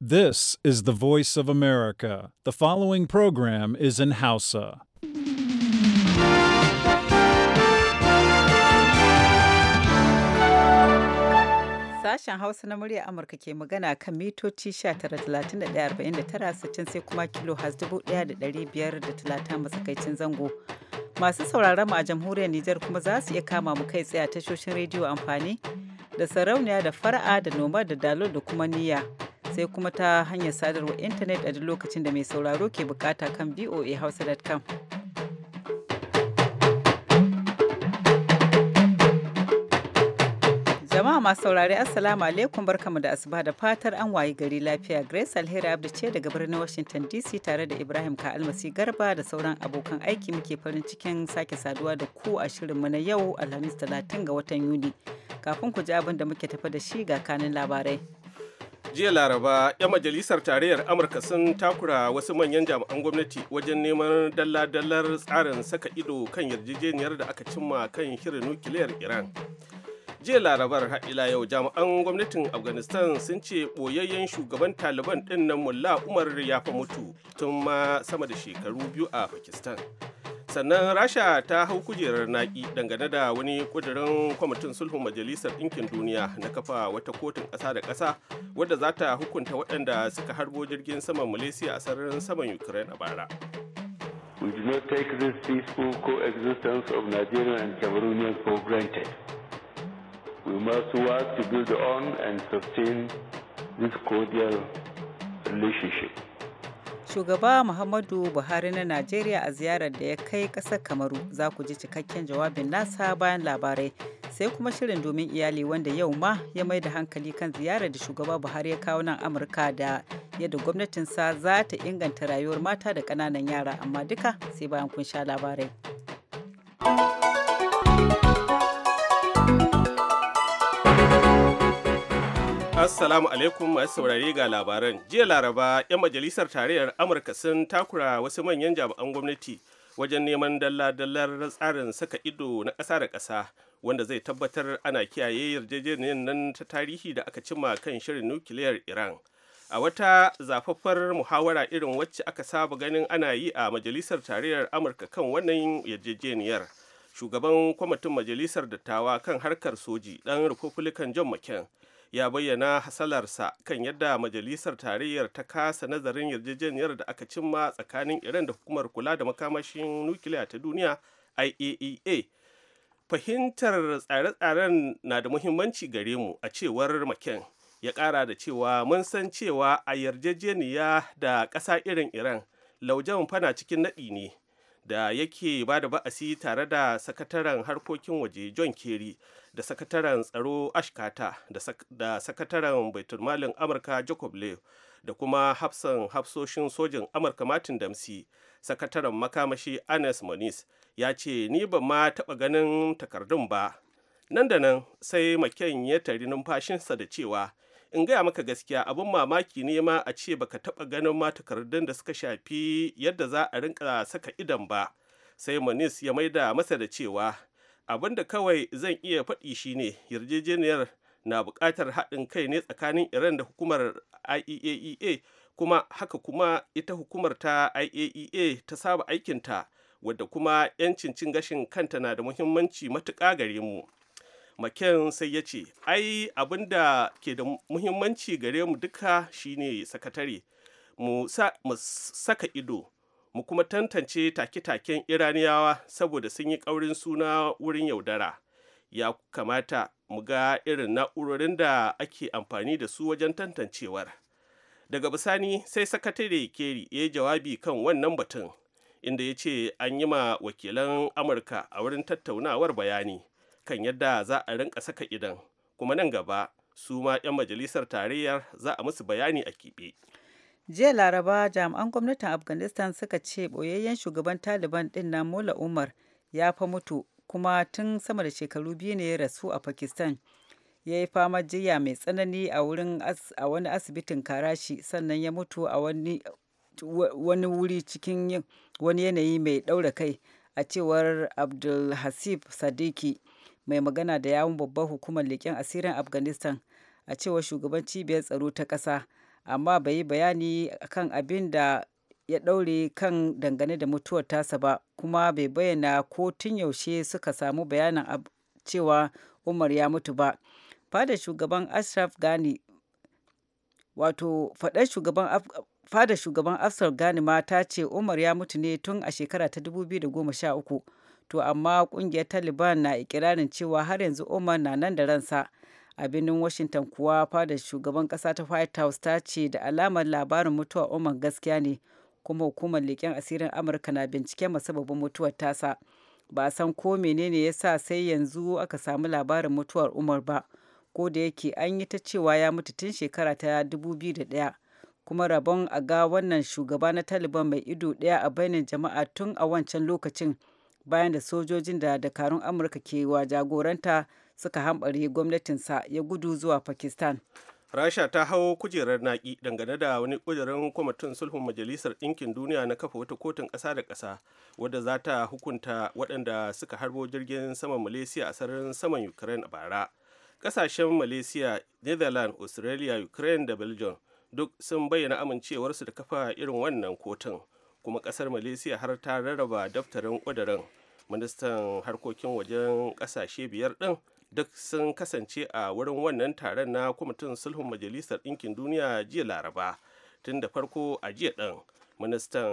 This is the voice of America. The following program is in Hausa. Sashen Hausa na murya Amurka ke magana kan mitoci 19,31,49 sai kuma kilo has 1,530 matsakaicin zango. Masu sauraron mu a jamhuriyar Nijar kuma za su iya kama mu kai tsaye a tashoshin rediyo amfani da sarauniya da fara'a da noma da dalo da kuma niyya. sai kuma ta hanyar sadarwa intanet a duk lokacin da mai sauraro ke bukata kan voahausa.com. jama'a masu saurari assalamu alaikum barkamu da asuba da fatar an wayi gari lafiya grace alheri abdu ce daga birnin washington dc tare da ibrahim almasi garba da sauran abokan aiki muke farin cikin sake saduwa da ku a shirinmu na yau alhamis 30 ga watan yuni kafin ku ji abin da muke tafa da shi ga kanin labarai jiya laraba 'yan majalisar tarayyar amurka sun takura wasu manyan jami'an gwamnati wajen neman dalla-dallar tsarin saka ido kan yarjejeniyar da aka cimma kan shirin nukiliyar iran jiya larabar haɗila yau jami'an gwamnatin afghanistan sun ce ɓoyayyen shugaban taliban ɗin nan mullah umar ya fa mutu tun ma sama da shekaru biyu a pakistan sannan rasha ta hau kujerar naki dangane da wani kudirin kwamitin sulhun majalisar ɗinkin duniya na kafa wata kotun ƙasa da ƙasa wadda za ta hukunta waɗanda suka harbo jirgin saman malaysia a sararin saman ukraine a bara We do not take this peaceful coexistence of nigeria and Cameroonians for granted. We must work to build on and sustain this cordial relationship. shugaba Muhammadu Buhari na Najeriya a ziyarar da ya kai ƙasar Kamaru za ku ji cikakken jawabin nasa bayan labarai sai kuma shirin domin iyali wanda yau ma ya mai da hankali kan ziyarar da shugaba Buhari ya kawo nan Amurka da yadda gwamnatinsa za ta inganta rayuwar mata da ƙananan yara amma duka sai bayan kun sha labarai. Assalamu alaikum masu saurare ga labaran. Jiya Laraba, 'yan majalisar tarayyar Amurka sun takura wasu manyan jami'an gwamnati wajen neman dalla-dallar tsarin saka ido na ƙasa da ƙasa wanda zai tabbatar ana kiyaye yarjejeniyar nan ta tarihi da aka cimma kan shirin nukiliyar Iran. A wata zafaffar muhawara irin wacce aka saba ganin ana yi a majalisar tarayyar Amurka kan wannan yarjejeniyar. Shugaban kwamitin majalisar dattawa kan harkar soji ɗan Republican John McCain ya bayyana hasalarsa kan yadda majalisar tarayyar ta kasa nazarin yarjejeniyar da aka cimma tsakanin iran da hukumar kula da makamashin nukiliya ta duniya iaea e fahimtar tsare-tsaren na da muhimmanci gare mu a cewar maken ya kara da cewa mun san cewa a yarjejeniya da ƙasa irin iran laujan fana cikin naɗi ne da yake ba da ba'asi tare da sakataren harkokin waje john kerry da sakataren tsaro ashkata da sakataren baitulmalin amurka jacob leo da kuma hafsan hafsoshin sojin amurka martin damsi sakataren makamashi anes moniz ya ce ni ba ma taɓa ganin takardun ba nan da nan sai maken ya tari numfashinsa da cewa in gaya maka gaskiya abin mamaki ne ma a ce baka taɓa ganin ma takardun da suka shafi yadda za a rinka saka idan ba sai Moniz ya maida masa da cewa abin da kawai zan iya faɗi shine yarjejeniyar na buƙatar haɗin kai ne tsakanin iran da hukumar iaea e kuma haka kuma ita hukumar ta iaea e ta saba aikinta wadda kuma 'yancin cin gashin kanta na da muhimmanci matuƙa gare mu Makin sai ya ce ai abin da ke da muhimmanci gare mu duka shine sakatare mu saka ido mu kuma tantance take-taken iraniyawa saboda sun yi ƙaurin suna wurin yaudara ya kamata mu ga irin na'urorin da ake amfani da su wajen tantancewar daga bisani sai sakatare keri ya yi jawabi kan wannan batun inda ya ce an yi ma wakilan amurka a wurin tattaunawar bayani kan yadda za a rinka saka idan kuma nan gaba su ma 'yan majalisar tarayyar za a musu bayani a kiɓe. jiya laraba jami'an gwamnatin afghanistan suka ce boyayyen shugaban taliban din na mola umar ya fa mutu kuma tun sama da shekaru biyu ne ya rasu a pakistan ya yi fama jiya mai tsanani a wurin a wani asibitin karashi sannan ya mutu a wani wuri cikin wani yanayi mai ɗaura kai a cewar abdulhasib sadiki mai magana da yawun babbar hukumar leƙen asirin afghanistan a cewar shugaban cibiyar tsaro ta ƙasa amma bai yi bayani kan abin da ya ɗaure kan dangane da mutuwar tasa ba kuma bai bayyana ko tun yaushe suka samu bayanin cewa umar ya mutu ba fada shugaban ashraf gani wato shugaban fada shugaban afsar gani ma ta ce umar ya mutu ne tun a shekara ta 2013 to amma kungiyar taliban na ikirarin cewa har yanzu umar na nan da ransa a birnin washington kuwa fadar shugaban kasa ta white house ta ce da alamar labarin mutuwa umar gaskiya ne kuma hukumar leƙen asirin amurka na binciken masababin mutuwar tasa ba a san ko menene ya sa sai yanzu aka samu labarin mutuwar umar ba ko da yake an yi ta cewa ya mutu tun shekara ta 2001 kuma rabon a ga wannan shugaba na taliban mai ido ɗaya a bainin jama'a tun a wancan lokacin bayan da sojojin da dakarun amurka ke wa jagoranta suka hambari gwamnatinsa ya gudu zuwa Pakistan. Rasha ta hau kujerar naƙi dangane da wani kujerar kwamitin sulhun Majalisar Ɗinkin Duniya na kafa wata kotun ƙasa da ƙasa wadda za ta hukunta waɗanda suka harbo jirgin saman Malaysia a sararin saman Ukraine a bara. Ƙasashen Malaysia, netherland Australia, Ukraine da Belgium duk sun bayyana amincewarsu da kafa irin wannan kotun. Kuma ƙasar Malaysia har ta rarraba daftarin ƙudurin. Ministan harkokin wajen ƙasashe biyar ɗin duk sun kasance a wurin wannan taron na kwamitin sulhun majalisar ɗinkin duniya jiya laraba tun da farko a jiya ɗin ministan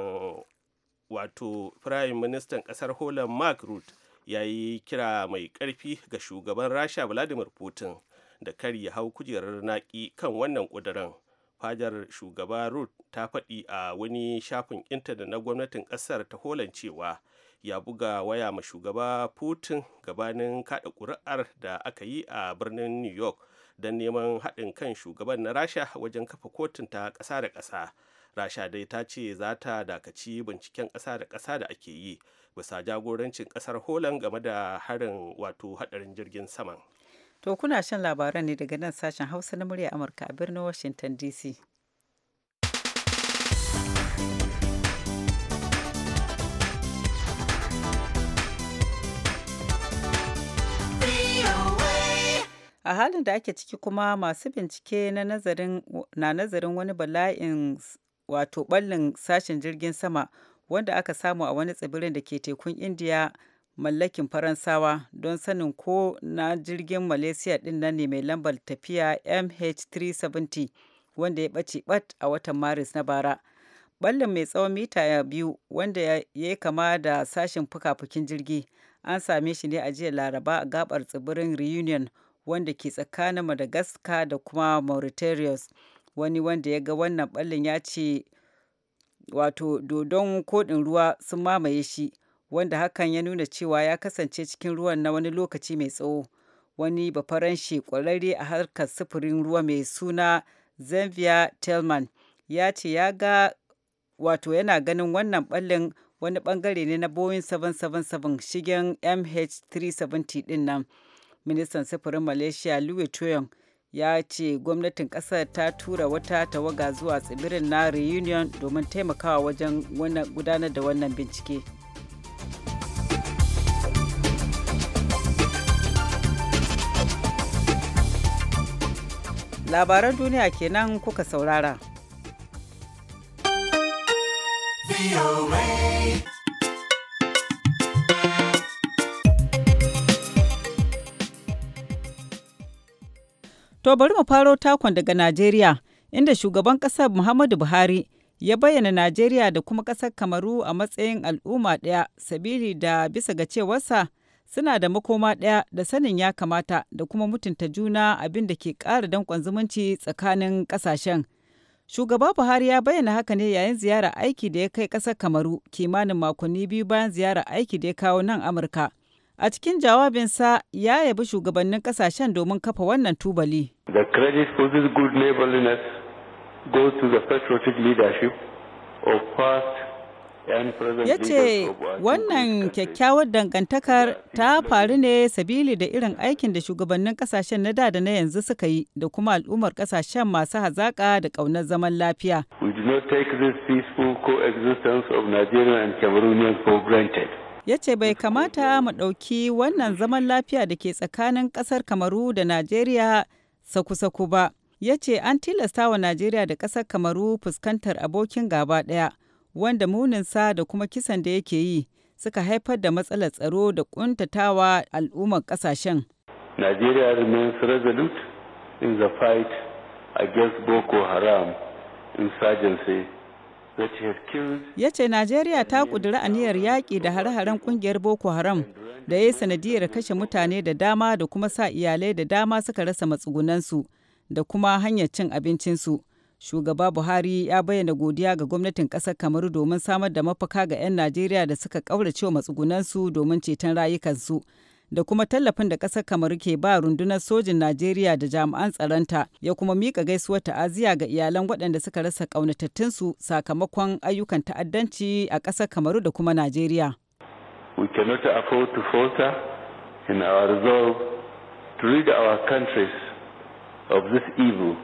wato firayim ministan ƙasar holland mark root ya yi kira mai ƙarfi ga shugaban rasha vladimir putin da kar ya hau kujerar naƙi kan wannan ƙudurin Fajar shugaba root ta faɗi a wani shafin intanet na gwamnatin ƙasar ta holland cewa ya buga waya ma shugaba putin gabanin kada kuri'ar da aka yi a birnin new york don neman haɗin kan shugaban na rasha wajen kafa kotun ta ƙasa da ƙasa rasha dai ta ce za ta dakaci binciken ƙasa da ƙasa da ake yi bisa jagorancin ƙasar holan game da harin wato haɗarin jirgin saman to kuna shan labaran ne daga nan sashen hausa na murya amurka a birnin washington dc a halin da ake ciki kuma masu bincike na nazarin wani bala'in wato ballin sashen jirgin sama wanda aka samu a wani tsibirin da ke tekun indiya mallakin faransawa don sanin ko na jirgin malaysia din nan ne mai lambar tafiya mh370 wanda ya ɓace bat a watan maris na bara ballin mai tsawon mita biyu wanda ya yi kama da sashen fuka-fukin jirgi an same shi ne a jiya laraba a gabar tsibirin reunion wanda ke tsakanin madagascar da kuma mauritius wani wanda ya ga wannan ballin ya ce wato dodon kodin ruwa sun mamaye shi wanda hakan ya nuna cewa ya kasance cikin ruwan na wani lokaci mai tsawo wani shi kwararre a harkar sufurin ruwa mai suna zambia telman ya ce ya ga wato yana ganin wannan ballin wani bangare ne na Boeing 777 shigen MH370 din nan ministan sufurin malaysia louis toyon ya ce gwamnatin kasar ta tura wata tawaga zuwa tsibirin na reunion domin taimakawa wajen gudanar da wannan bincike labaran duniya kenan kuka saurara. To bari mu faro takon daga Najeriya, inda shugaban ƙasar Muhammadu Buhari ya bayyana Najeriya da kuma ƙasar Kamaru a matsayin al'umma ɗaya, sabili da bisa ga cewarsa suna da makoma ɗaya da sanin ya kamata da kuma mutunta juna abin da ke ƙara danƙon zumunci tsakanin ƙasashen. Shugaba Buhari ya bayyana haka ne yayin ziyara aiki da ya kai ƙasar Kamaru kimanin makonni biyu bayan ziyara aiki da ya kawo nan Amurka. A cikin jawabinsa ya yabi shugabannin kasashen domin kafa wannan tubali. The credit for this good neighborliness goes to the patriotic leadership of past ya ce wannan kyakkyawar dangantakar ta faru ne sabili da irin aikin da shugabannin kasashen na da da na yanzu suka yi da kuma al'ummar kasashen masu hazaƙa da ƙaunar zaman lafiya. We do not take this peaceful coexistence of Nigerian and Cameroonian for granted. ya ce bai kamata mu ɗauki wannan zaman lafiya da ke tsakanin ƙasar kamaru da najeriya saku-saku ba ya ce an tilasta wa najeriya da ƙasar kamaru fuskantar abokin gaba ɗaya wanda muninsa da kuma kisan da yake yi suka haifar da matsalar tsaro da ƙuntatawa al'ummar ƙasashen najeriya remains resolute in the fight against boko haram insurgency Ya ce Najeriya ta ƙudiri aniyar yaƙi da hare-haren ƙungiyar Boko Haram da ya yi sanadiyar kashe mutane da dama da kuma sa iyalai da dama suka rasa matsugunansu da kuma hanyar cin abincinsu. Shugaba Buhari ya bayyana godiya ga gwamnatin ƙasar Kamaru domin samar da mafaka ga 'yan Najeriya da suka ƙaurace matsugunansu domin ceton rayukansu. da kuma tallafin da ƙasar kamaru ke ba rundunar sojin najeriya da jami'an tsaronta ya kuma mika gaisuwar ta'aziyya ga iyalan waɗanda suka rasa ƙaunatattun su sakamakon ayyukan ta'addanci a ƙasar kamaru da kuma najeriya we cannot afford to falter in our resolve to rid our countries of this evil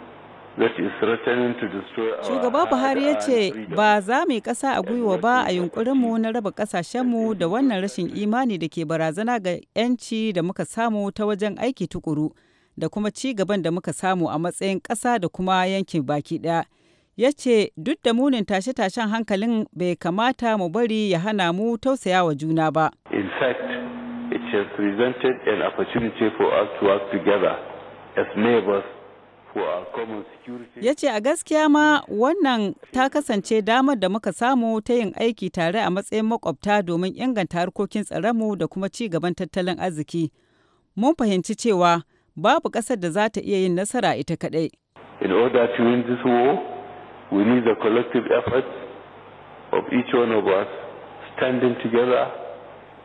Shugaba Buhari ya ce ba za mu yi ƙasa a gwiwa ba a yunkurinmu na raba ƙasashenmu da wannan rashin imani da ke barazana ga 'yanci da muka samu ta wajen aiki tukuru da kuma ci gaban da muka samu a matsayin ƙasa da kuma yankin baki ɗaya. Ya ce duk da munin tashe-tashen hankalin bai kamata mu bari ya hana mu tausaya wa juna ba. In fact, it has presented an opportunity for us to work together as neighbors Ya ce a gaskiya ma wannan ta kasance damar da muka samu ta yin aiki tare a matsayin makwabta domin inganta harkokin tsaronmu da kuma ci gaban tattalin arziki. Mun fahimci cewa babu kasar da za ta iya yin nasara ita kaɗai. In order to win this war, we need the collective effort of each one of us standing together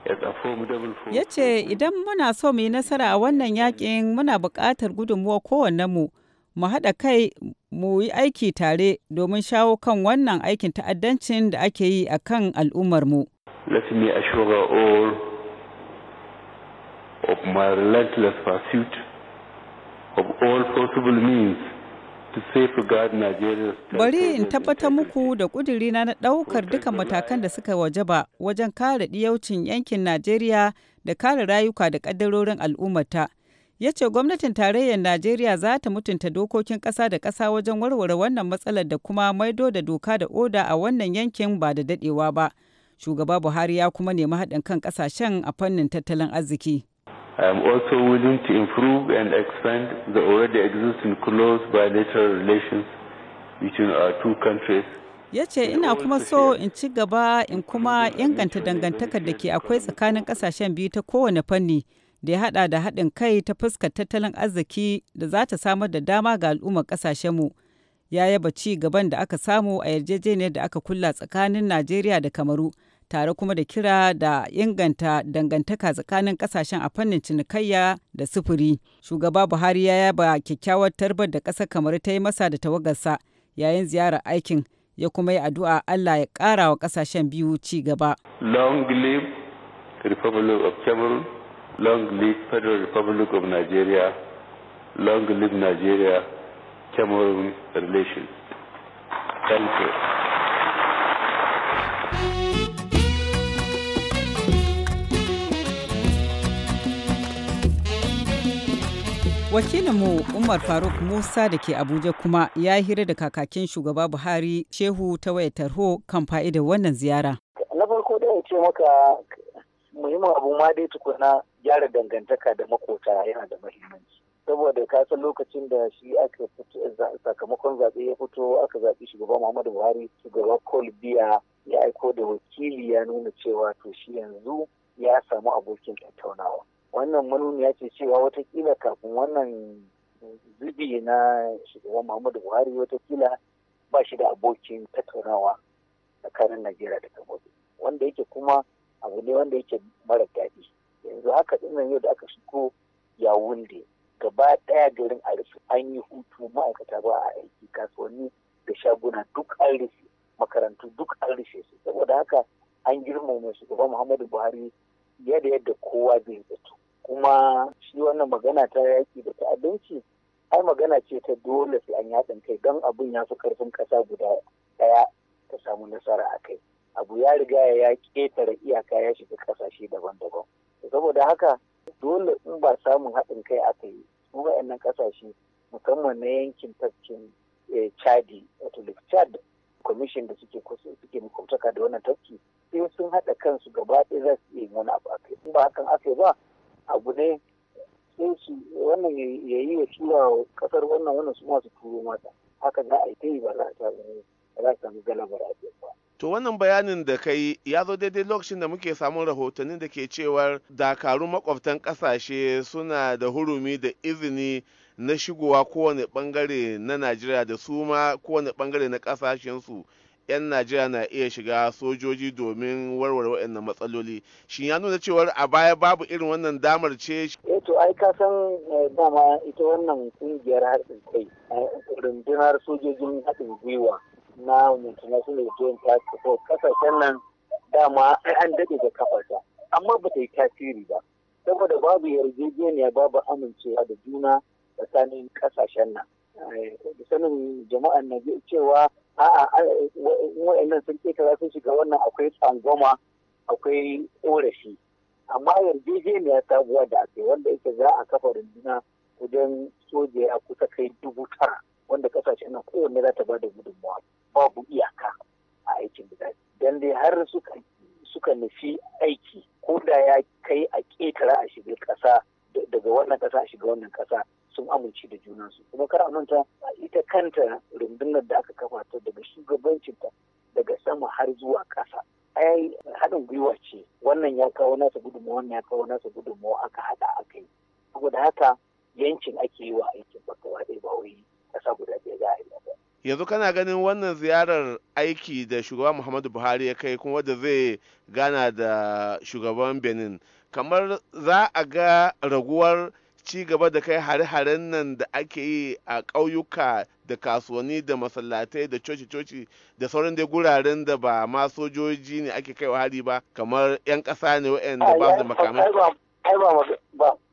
Ya idan muna so mu yi nasara a wannan yakin muna buƙatar gudunmuwa kowannenmu mu mu haɗa kai mu yi aiki tare domin shawo kan wannan aikin ta'addancin da ake yi a kan al'ummarmu. Let me assure all of my relentless pursuit of all possible means Bari in tabbatar muku da ƙudurina na ɗaukar duka matakan da suka waje ba wajen kare ɗiyaucin yankin Najeriya da kare rayuka da ƙaddarorin al'ummata. ya ce gwamnatin tarayyar najeriya za ta mutunta dokokin ƙasa da ƙasa wajen warware wannan matsalar da kuma maido da doka da oda a wannan yankin ba da daɗewa ba shugaba buhari ya kuma nemi haɗin kan ƙasashen a fannin tattalin arziki I am also willing to improve and expand the already existing close bilateral relations between our two countries ya ce ina kuma so in ci gaba in kuma inganta dangantakar da ke akwai tsakanin kasashen biyu ta kowane fanni da ya hada da haɗin kai ta fuskar tattalin arziki da za ta samar da dama ga al'ummar ƙasashenmu ya yaba ci gaban da aka samu a yarjejeniyar da aka kulla tsakanin najeriya da kamaru tare kuma da kira da inganta dangantaka tsakanin kasashen a fannin cinikayya da sufuri shugaba buhari ya yaba kyakkyawar tarbar da ƙasar kamaru ta yi masa da tawagarsa yayin ziyarar aikin ya kuma yi addu'a allah ya ƙara wa ƙasashen biyu ci gaba long live republic of cameroon long live federal republic of nigeria long live nigeria cameroon relations thank you wakilinmu umar faruk musa da ke abuja kuma ya yi hira da kakakin shugaba buhari shehu ta wayar tarho kan fa'idar wannan ziyara na farko dai ce maka muhimmin abu ma dai tukuna gyara dangantaka da makota yana da muhimmanci saboda ka san lokacin da shi aka fito sakamakon zaɓe ya fito aka zaɓi shugaba Muhammadu Buhari shugaba biya ya aiko da wakili ya nuna cewa to shi yanzu ya samu abokin tattaunawa wannan manuniya ce cewa watakila kafin wannan zubi na shugaban Muhammadu Buhari watakila ba shi da abokin tattaunawa tsakanin Najeriya da Kamaru wanda yake kuma abu ne wanda yake mara daɗi yanzu haka ɗin yau da aka shigo ya wunde gaba ɗaya garin a rufe an yi hutu ma'aikata ba a aiki kasuwanni da shaguna duk an rufe makarantu duk an rufe su saboda haka an girmama gaba muhammadu buhari yadda yadda kowa zai zato kuma shi wannan magana ta yaƙi da ta'addanci ai magana ce ta dole sai an yaɗin kai don abin ya fi karfin ƙasa guda ɗaya ta samu nasara a kai abu ya riga ya ketare iyaka ya shiga kasashe daban-daban saboda haka dole in ba samun haɗin kai aka yi su waɗannan kasashe musamman na yankin tafkin eh, chadi wato lake chad commission da suke suke makwabtaka da wannan tafki sai sun haɗa kansu gaba ɗaya za su iya wani abu aka yi ba hakan aka yi ba abu ne sai su wannan ya yi wa tura ƙasar wannan wannan su masu turo mata haka za a yi ta yi ba za a samu galabar a To wannan bayanin da kai ya zo daidai lokacin da muke samun rahotannin da ke cewar dakaru makwabtan ƙasashe suna da hurumi da izini na shigowa kowane bangare na Najeriya da su ma kowane bangare na kasashensu 'yan Najeriya na iya shiga sojoji domin warware waɗannan matsaloli. shin ya nuna cewar a baya babu irin wannan damar ce. Eh to ai ka san eh, dama ita wannan kungiyar haɗin kai eh, rundunar sojojin haɗin gwiwa na international european task force kasashen nan dama ai an dade da kafarta amma ba ta yi tasiri ba saboda babu yarjejeniya babu amincewa da juna tsakanin kasashen nan da eh, sanin jama'an na cewa a'a wa'annan sun kaza sun shiga wannan akwai tsangwama akwai korafi amma yarjejeniya sabuwa da ake wanda ita za a kafa runduna wajen soja a kusa kai dubu tara wanda kasashen nan kowanne za ta ba da gudunmawa babu iyaka a aikin gida dan dai har suka nufi aiki ko da ya kai a ƙetare a shiga ƙasa daga wannan ƙasa a shiga wannan ƙasa sun amince da juna su. kuma kar a ita kanta rundunar da aka kafa ta daga shugabancinta daga sama har zuwa ƙasa ai haɗin gwiwa ce wannan ya kawo nasa gudunmawa wannan ya kawo nasa gudunmawa aka haɗa aka yi saboda haka 'yancin ake yi wa aikin ba kawai ba wai ƙasa guda ɗaya za a yi yanzu kana ganin wannan ziyarar aiki da shugaba muhammadu buhari ya kai kuma wadda zai gana da shugaban benin kamar za a ga raguwar ci gaba da kai hare-haren nan da ake yi a ƙauyuka da kasuwanni da masallatai da coci-coci da sauran dai guraren da ba ma sojoji ne ake wa hari ba kamar 'yan ƙasa ne da ba su makamai.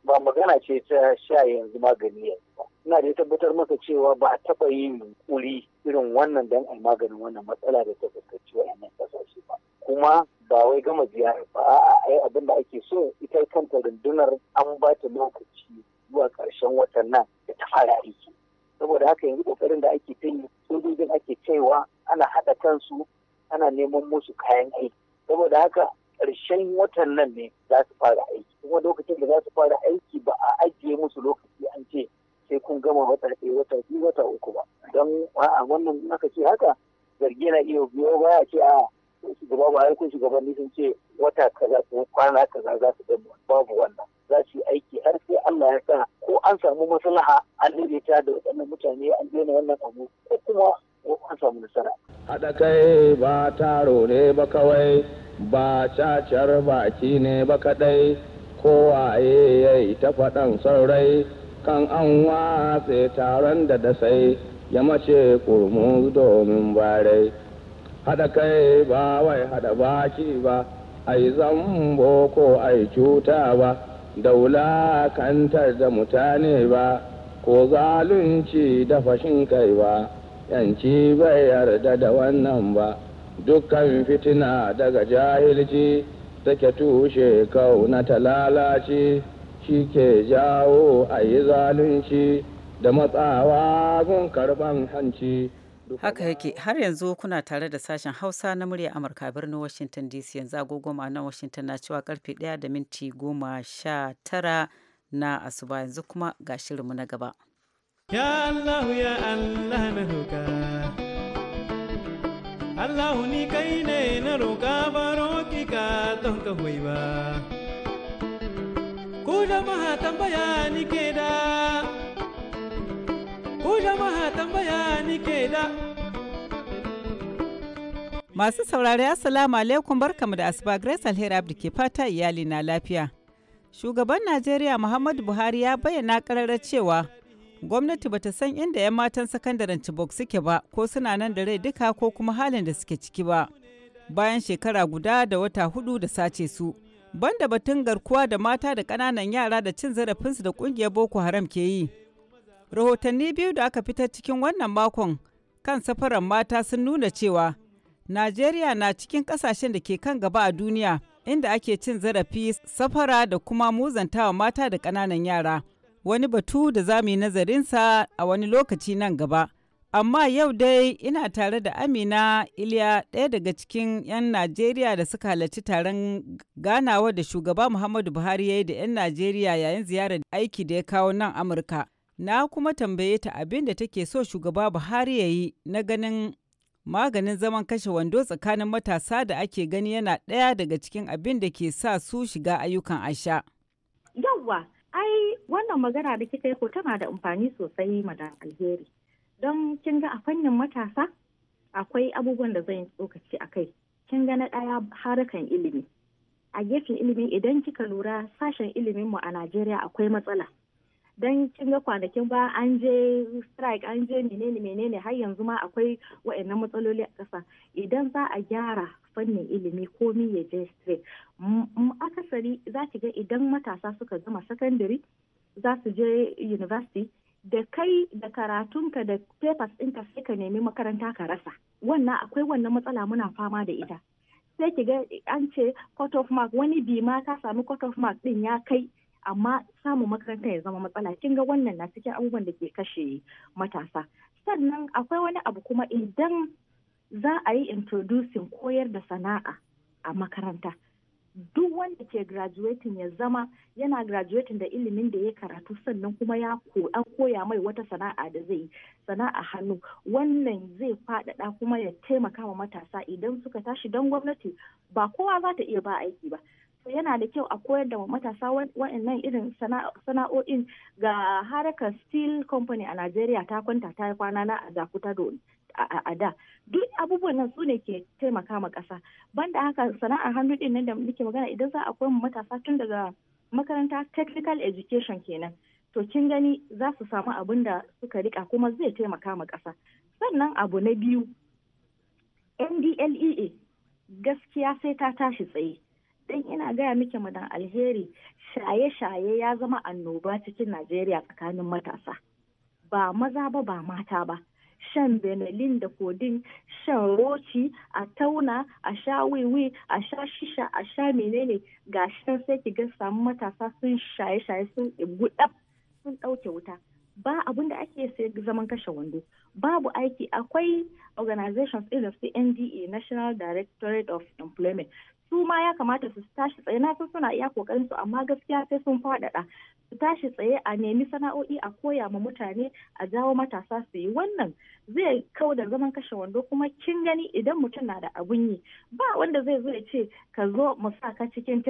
ba magana ce ta sha yanzu magani yanzu. ina da tabbatar maka cewa ba a taɓa yin kuri irin wannan don a maganin wannan matsala da ta fuskanci wa'annan ƙasashe ba kuma ba wai gama ziyara ba a ai abin da ake so ita kanta rundunar an ba ta lokaci zuwa ƙarshen watan nan da ta fara aiki saboda haka yanzu ƙoƙarin da ake ta yi sojojin ake cewa ana haɗa kansu ana neman musu kayan aiki saboda haka ƙarshen watan nan ne za su fara aiki kuma lokacin da za su fara aiki ba a ajiye musu lokaci an ce sai kun gama wata ɗaya wata biyu wata uku ba don a wannan aka ce haka zargi na iya biyo ba a ce a gaba ba aikun shugabanni sun ce wata kaza ko kwana kaza za su gama babu wannan za su yi aiki har sai Allah ya sa ko an samu maslaha an daidaita da waɗannan mutane an daina wannan abu ko kuma an samu nasara. Haɗa kai ba taro ne ba kawai ba cacar baki ne ba kaɗai kowaye ya yi ta faɗan saurai kan an watse taron da da ya mace kurmu domin barai hada kai ba wai haɗa baki ba ai zambo ko ai cuta ba da kantar da mutane ba ko zalunci da fashin kai ba yanci bai yarda da wannan ba dukkan fitina daga jahilci take tushe kauna ta lalace shi ke jawo a yi zalunci da matsawa gun karban hanci. Haka yake har yanzu kuna tare da sashen Hausa na murya Amurka birnin Washington DC yanzu agogo ma'anar Washington na cewa karfe 1 da minti goma sha tara na asuba yanzu kuma ga shirinmu na gaba. Ya Allah ya Allah na roƙa. Allah ni kai ne na roƙa baro ki ka don ka ba. Masu saurari Assalamu alaikum barkamu da asuba Grace Alheri Abdi ke fata iyali na lafiya. Shugaban Najeriya Muhammadu Buhari ya bayyana kararra cewa gwamnati bata san inda 'yan matan sakandaren Chibok suke ba ko suna nan da rai duka ko kuma halin da suke ciki ba. Bayan shekara guda da wata hudu da sace su. banda batun garkuwa da mata da ƙananan yara da cin zarafinsu da ƙungiyar boko haram ke yi rahotanni biyu da aka fitar cikin wannan makon kan safaran mata sun nuna cewa najeriya na cikin ƙasashen da ke kan gaba a duniya inda ake cin zarafi safara da kuma muzantawa mata da ƙananan yara wani batu da za mu yi nazarinsa a wani lokaci nan gaba. Amma yau dai ina tare da Amina Iliya ɗaya daga cikin 'yan Najeriya da suka halarci taron ganawa da shugaba Muhammadu Buhari ya yi da 'yan Najeriya yayin ziyarar aiki da ya kawo nan Amurka. Na kuma tambaye ta abin da take so shugaba Buhari ya yi na ganin maganin zaman kashe wando tsakanin matasa da ake gani yana ɗaya daga cikin abin da ke sa su shiga ayyukan asha. Yawwa, ai wannan magana da kika yi tana da amfani sosai madan alheri don kin ga a fannin matasa akwai abubuwan da zan yi tsokaci a kai kin ga na ɗaya harakan ilimi a gefen ilimi idan kika lura sashen ilimin mu a najeriya akwai matsala don kin ga kwanakin ba an je strike an je menene menene har yanzu ma akwai wa'annan matsaloli a ƙasa idan za a gyara fannin ilimi mi ya je strike akasari za ki ga idan matasa suka gama sakandare za su je university da kai da karatunka da papers ɗinka sai ka nemi makaranta ka rasa wannan akwai wannan matsala muna fama da ita sai ki ga an ce cut of mark wani bi ma ka sami cut of mark ɗin ya kai amma samun makaranta ya zama matsala kin ga wannan na cikin abubuwan da ke kashe matasa sannan akwai wani abu kuma idan za a yi introducing koyar da sana'a a makaranta duk wanda ke graduating ya zama yana graduating da ilimin da ya karatu sannan kuma ya koya mai wata sana'a da zai sana'a hannu wannan zai faɗaɗa kuma ya taimaka wa matasa idan suka tashi don gwamnati ba kowa za ta iya ba aiki ba yana da kyau a koyar da matasa wa'annan irin sana'o'in ga harakar steel company a Najeriya ta kwanta ta kwana na a Zakuta Doni. a da duk abubuwan nan su ne ke taimaka ma ƙasa banda haka sana'ar hannu din nan da muke magana idan za a koya matasa tun daga makaranta technical education kenan to kin gani za su samu abin da suka rika kuma zai taimaka ma ƙasa sannan abu na biyu ndlea gaskiya sai ta tashi tsaye Dan ina gaya miki madan alheri shaye-shaye ya zama annoba cikin najeriya tsakanin matasa ba maza ba ba mata ba shan benelin da kodin shan roci a tauna a sha wiwi a sha shisha a sha menene ga shan sai ki ga samu matasa sun shaye-shaye sun guda sun ɗauke wuta ba abun da ake sai zaman kashe wando babu aiki akwai organizations ɗin of NDA National Directorate of Employment su ma ya kamata su tashi tsaye na san suna iya kokarin su amma gaskiya sai sun fadada su tashi tsaye a nemi sana'o'i a koya ma mutane a jawo matasa su yi wannan zai kau da zaman kashe wando kuma kin gani idan mutum na da abun yi ba wanda zai zo ya ce ka zo mu sa ka cikin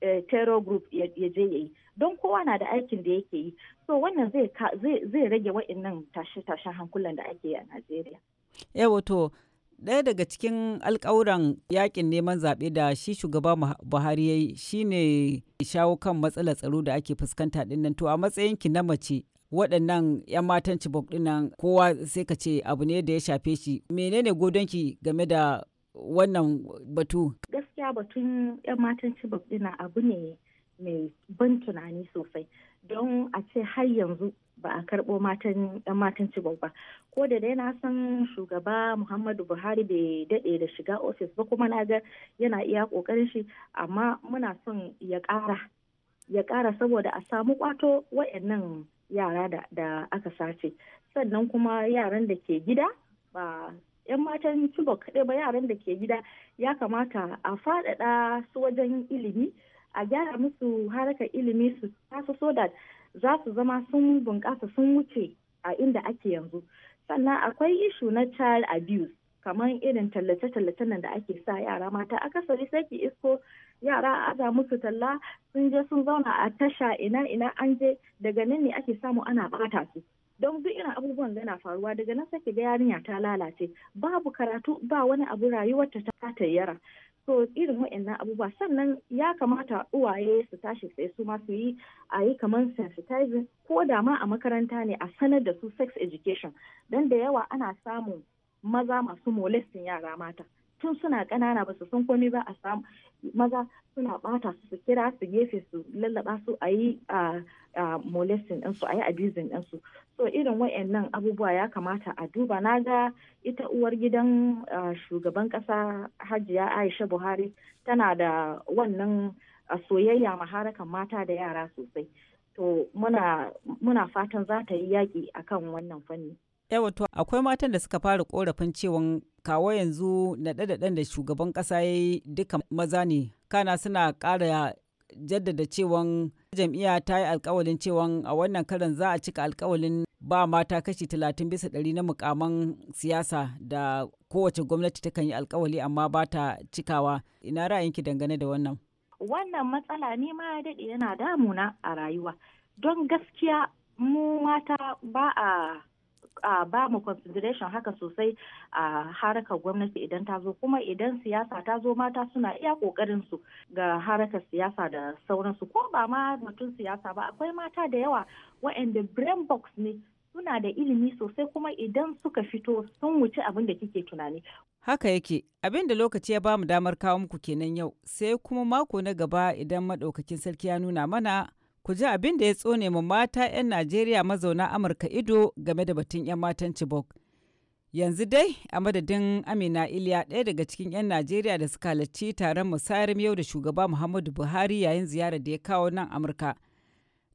eh, terror group ya je ya yi don kowa na da aikin da yake yi so wannan zai rage wa'annan tashe-tashen hankulan da ake yi a Najeriya yawa to ɗaya daga cikin alkawuran yakin neman zaɓe da shi shugaba Buhari ya yi shine shawo kan matsalar tsaro da ake fuskanta dinnan to a matsayin ki na mace waɗannan 'yan matan cibok dinnan kowa sai ka ce abu ne da ya shafe shi menene godonki game da wannan batu gaskiya batun 'yan matan cibok ɗina abu ne mai ban tunani sosai don a ce har yanzu ba a karɓo matan yan matan cibok ba ko da dai na san shugaba muhammadu buhari bai daɗe da shiga ofis ba kuma na ga yana iya ƙoƙarin shi amma muna son ya ƙara ya ƙara saboda a samu kwato wayannan yara da aka sace sannan kuma yaran da ke gida ba 'yan matan cibok kaɗai ba yaran da ke gida ya kamata a faɗaɗa su wajen ilimi a gyara musu harkar ilimi su tasu so da za su zama sun bunkasa sun wuce a inda ake yanzu sannan akwai ishu na child abuse kamar irin tallace-tallace nan da ake sa yara mata akasari sai ki isko yara a aza musu talla sun je sun zauna a tasha ina ina an je daga nan ne ake samu ana bata su don duk irin abubuwan yana faruwa daga nan sai ga yarinya ta lalace babu karatu ba wani abu rayuwarta ta ta so irin waɗannan abubuwa sannan ya kamata uwaye su tashi sai su masu yi a yi kamar sensitizing ko da ma a makaranta ne a sanar da su sex education don da yawa ana samun maza masu molestin yara mata tun suna kanana ba su san komai ba a samu maza suna bata su su kira su gefe su lallaba su a yi a molesting ɗinsu a yi abusing ɗinsu so irin wayannan abubuwa ya kamata a duba na ga ita uwar gidan shugaban ƙasa hajiya aisha buhari tana da wannan soyayya maharakan mata da yara sosai to muna fatan za ta yi yaƙi akan wannan fanni. Yawa akwai matan da suka fara korafin cewa kawo yanzu naɗe-naɗen da shugaban ƙasa ya yi duka maza ne kana suna ƙara jaddada cewa jam'iyya ta yi alkawalin cewa a wannan karan za a cika alkawalin ba mata kashi talatin bisa ɗari na mukaman siyasa da kowace gwamnati ta kan yi alkawali amma ba ta cikawa ina ra'ayinki dangane da wannan wannan matsala ne ma ya daɗe yana damuna a rayuwa don gaskiya mu mata ba a ba mu consideration haka sosai a harakar gwamnati idan ta zo kuma idan siyasa ta zo mata suna iya kokarin su ga harakar siyasa da sauransu ko ba ma mutum siyasa ba akwai mata da yawa waɗanda brain box ne suna da ilimi sosai kuma idan suka fito sun wuce abin da kike tunani. Haka yake, abin da lokaci ya ba mu damar kawo muku kenan yau, sai kuma mako na gaba idan madaukakin sarki ya nuna mana ku ji abin da ya tsone ma mata 'yan Najeriya mazauna Amurka ido game da batun 'yan matan Chibok. Yanzu dai a madadin Amina Iliya ɗaya daga cikin 'yan Najeriya da suka halarci taron musayar yau da shugaba Muhammadu Buhari yayin ziyarar da ya kawo nan Amurka.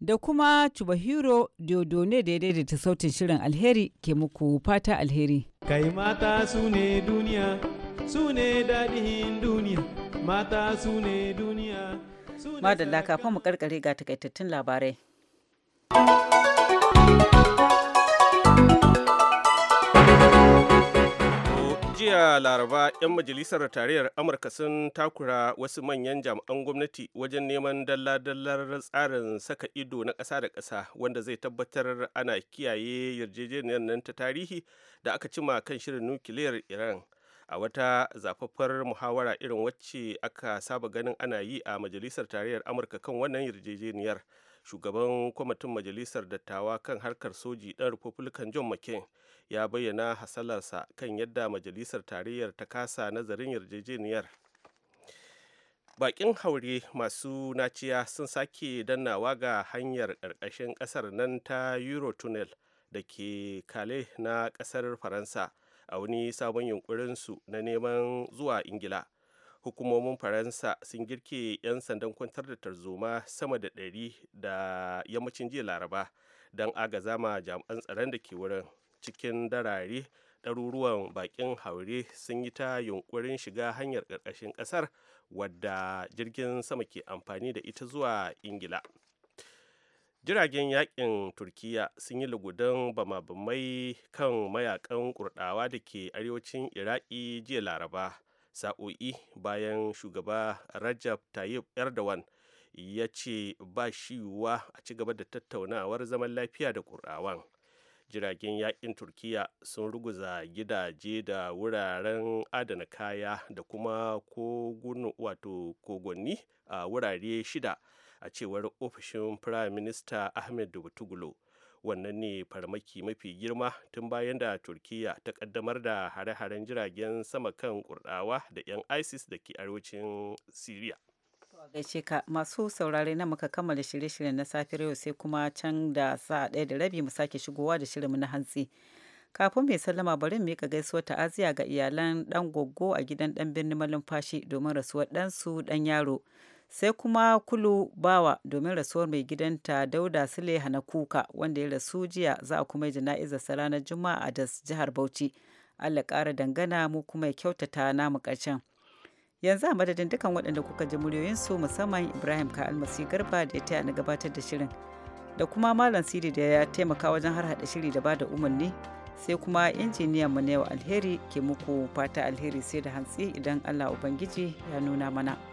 Da kuma Chubahiro Diodone da ya daidaita sautin shirin alheri ke muku fata alheri. Kai mata su ne duniya, su ne daɗin duniya, mata su ne duniya. Madalla kafin mu karkare ga takaitattun labarai. jiya laraba 'yan majalisar tarayyar amurka sun takura wasu manyan jami'an gwamnati wajen neman dalla-dallar tsarin saka ido na ƙasa da ƙasa wanda zai tabbatar ana kiyaye yarjejeniyar nan ta tarihi da aka cima kan shirin nukiliyar iran a wata zafaffar muhawara irin wacce aka saba ganin ana yi a majalisar tarayyar amurka kan wannan yarjejeniyar shugaban kwamitin majalisar dattawa kan harkar soji ɗan republican john mccain ya bayyana hasalarsa kan yadda majalisar tarayyar ta kasa nazarin yarjejeniyar bakin haure masu naciya sun sake dannawa ga hanyar ƙarƙashin ƙasar nan ta eurotunnel da ke kale na ƙasar faransa a wani sabon yunkurinsu na neman zuwa ingila hukumomin faransa sun girke 'yan sandan kwantar da tarzoma sama da ɗari da yammacin jiya laraba don agaza ma jami'an tsaron da ke wurin cikin darare ɗaruruwan bakin haure sun yi ta yunkurin shiga hanyar ƙarƙashin ƙasar wadda jirgin sama ke amfani da ita zuwa ingila jiragen yakin turkiya sun yi lugudan bama-bamai kan mayakan kurdawa da ke arewacin iraki jiya laraba sa'o'i bayan shugaba rajab tayyip erdogan ya ce ba shi wa a ci gaba da tattaunawar zaman lafiya da kurdawan jiragen yakin turkiya sun ruguza gidaje da wuraren adana kaya da kuma kogunni a wurare shida a cewar ofishin firayim minista ahmed davutoglu wannan ne farmaki mafi girma tun bayan da turkiya ta kaddamar da hare-haren jiragen sama kan kurdawa da 'yan isis da ke arewacin syria gaishe ka masu saurare na muka kammala shirye-shiryen na safiyar yau sai kuma can da sa ɗaya da rabi mu sake shigowa da shirinmu na hantsi kafin mai sallama bari mu ka gaisuwa ta'aziya ga iyalan dan goggo a gidan dan birnin malumfashi domin rasuwar ɗansu ɗan yaro sai kuma kulu bawa domin rasuwar mai gidanta dauda sule hana kuka wanda ya rasu jiya za a kuma jana'izarsa ranar juma'a a das jihar bauchi allah ƙara dangana mu kuma ya kyautata namu ƙarshen yanzu a madadin dukkan waɗanda kuka ji muryoyinsu musamman ibrahim ka almasi garba da ya taya na gabatar da shirin da kuma malam sidi da ya taimaka wajen har haɗa shiri da bada umarni sai kuma injiniyan mu na yau alheri ke muku fata alheri sai da hantsi idan allah ubangiji ya nuna mana.